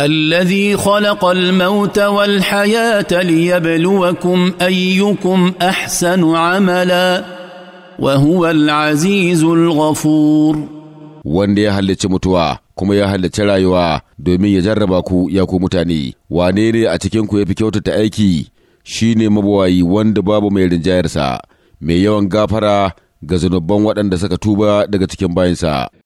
الذي خلق الموت والحياه ليبلوكم ايكم احسن عملا وهو العزيز الغفور wanda ya halicci mutuwa kuma ya halicci rayuwa domin ya jarraba ku ya ku mutane wane ne a cikin ku ya fi kyautata aiki shine mabawayi wanda babu mai rinjayarsa mai yawan gafara ga zunuban waɗanda suka tuba daga cikin bayansa